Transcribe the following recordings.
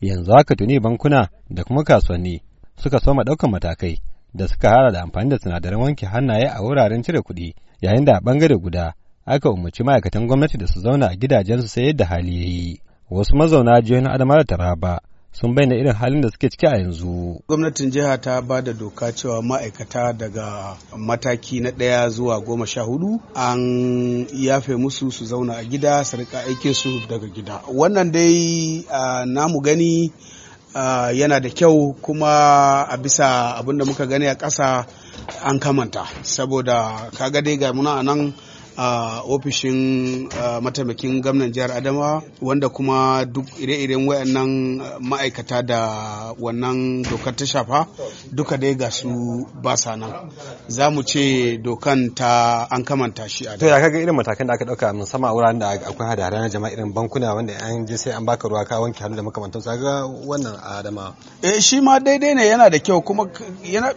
yanzu haka tuni bankuna da kuma kasuwanni suka soma ɗaukan matakai da suka hada da amfani da sinadaran wanke hannaye a wuraren cire kuɗi yayin da a ɓangare guda aka umarci ma'aikatan gwamnati da su zauna a gidajensu sai yadda hali ya yi wasu mazauna jihohin adama da taraba sun bayyana irin halin da suke ciki a yanzu. Gwamnatin jiha ta ba da doka cewa ma'aikata daga mataki na ɗaya zuwa goma sha hudu an yafe musu su zauna a gida su rika aikin su daga gida. Wannan dai namu gani yana da kyau kuma a bisa abin da muka gani a ƙasa an kamanta saboda kaga dai ga muna a nan a ofishin mataimakin gwamnan jihar adama wanda kuma duk ire-iren wayannan ma'aikata da wannan dokar ta shafa duka dai ga su ba sa nan. Za mu ce dokan ta an kamanta shi a To ya kaga irin matakan da aka dauka musamman a wuraren da akwai hada-hada na jama'a irin bankuna wanda an je sai an baka ruwa ka wanke hannu da makamantan ga wannan Adama. Eh shi ma daidai ne yana da kyau kuma yana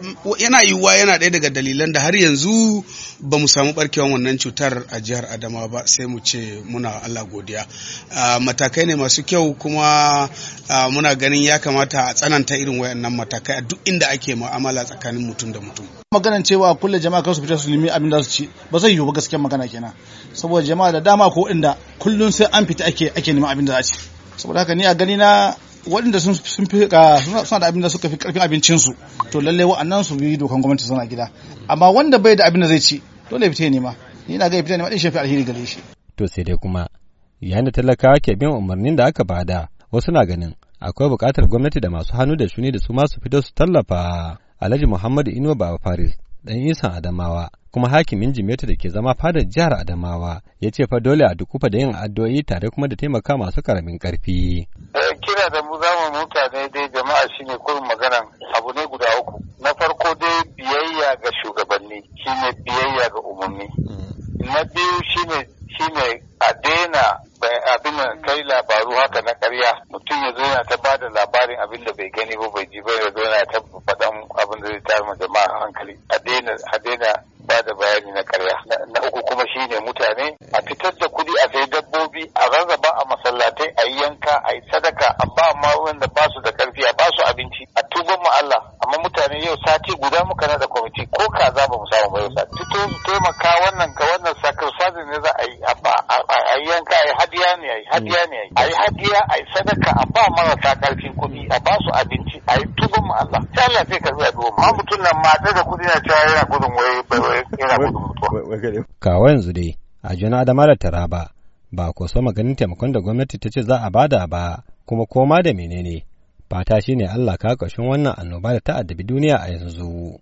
yana yiwuwa yana daya daga dalilan da har yanzu ba mu samu barkewan wannan cutar fitar a jihar adama ba sai mu ce muna allah godiya matakai ne masu kyau kuma muna ganin ya kamata a tsananta irin wayannan matakai a duk inda ake mu'amala tsakanin mutum da mutum maganan cewa kulle jama'a kan su fita su nemi abin da su ci ba zai yiwu ba gaskiyar magana kenan saboda jama'a da dama ko inda kullum sai an fita ake ake neman abin da za ci saboda haka ni a gani na waɗanda sun fi suna da abin da suka fi karfin su to lalle wa'annan su bi dokan gwamnati suna gida amma wanda bai da abin da zai ci dole fita nema ni na fita ne ma shafi alheri gare shi to sai dai kuma yayin da talakawa ke bin umarnin da aka bada wasu na ganin akwai buƙatar gwamnati da masu hannu da shuni da su masu fito su tallafa alhaji muhammadu inuwa baba faris dan isan adamawa kuma hakimin jimeta da ke zama fadar jihar adamawa ya ce fa dole a dukufa da yin addu'o'i tare kuma da taimaka masu karamin karfi eh, kira da mu zamu mutane dai jama'a shine kurin magana abu ne guda uku na farko dai biyayya ga shugabanni shine biyayya ga unguwanni. Mm. Na biyu shine shine a daina abin da kai labaru haka na karya mutum ya zo yana ta bada labarin abin da bai gani ba bai ji ba ya zo yana ta faɗan abin da zai tayar ma jama'a hankali a daina a daina da bayani na karya na uku kuma shine mutane a fitar da kuɗi a sai dabbobi a rarraba a masallatai a yi yanka a yi sadaka a ba ma wanda ba su da karfi a ba su abinci a tuban mu Allah amma mutane yau sati guda muka nada za ba mu samu ba yasa fito mu taimaka wannan ka wannan sakar sacrifice ne za a yi a yi yanka a yi hadiya ne a yi hadiya ne a yi hadiya a yi sadaka a ba marasa karfin kuɗi a ba su abinci a yi tubin mu Allah sai Allah zai karɓi addu'a ma mutum nan mata da kuɗi na cewa yana gudun wai yana gudun mutuwa. Kawo yanzu dai a juna da mara taraba ba ko so maganin taimakon da gwamnati ta ce za a bada ba kuma koma da menene fata shine Allah ka kashin wannan annoba da ta addabi duniya a yanzu.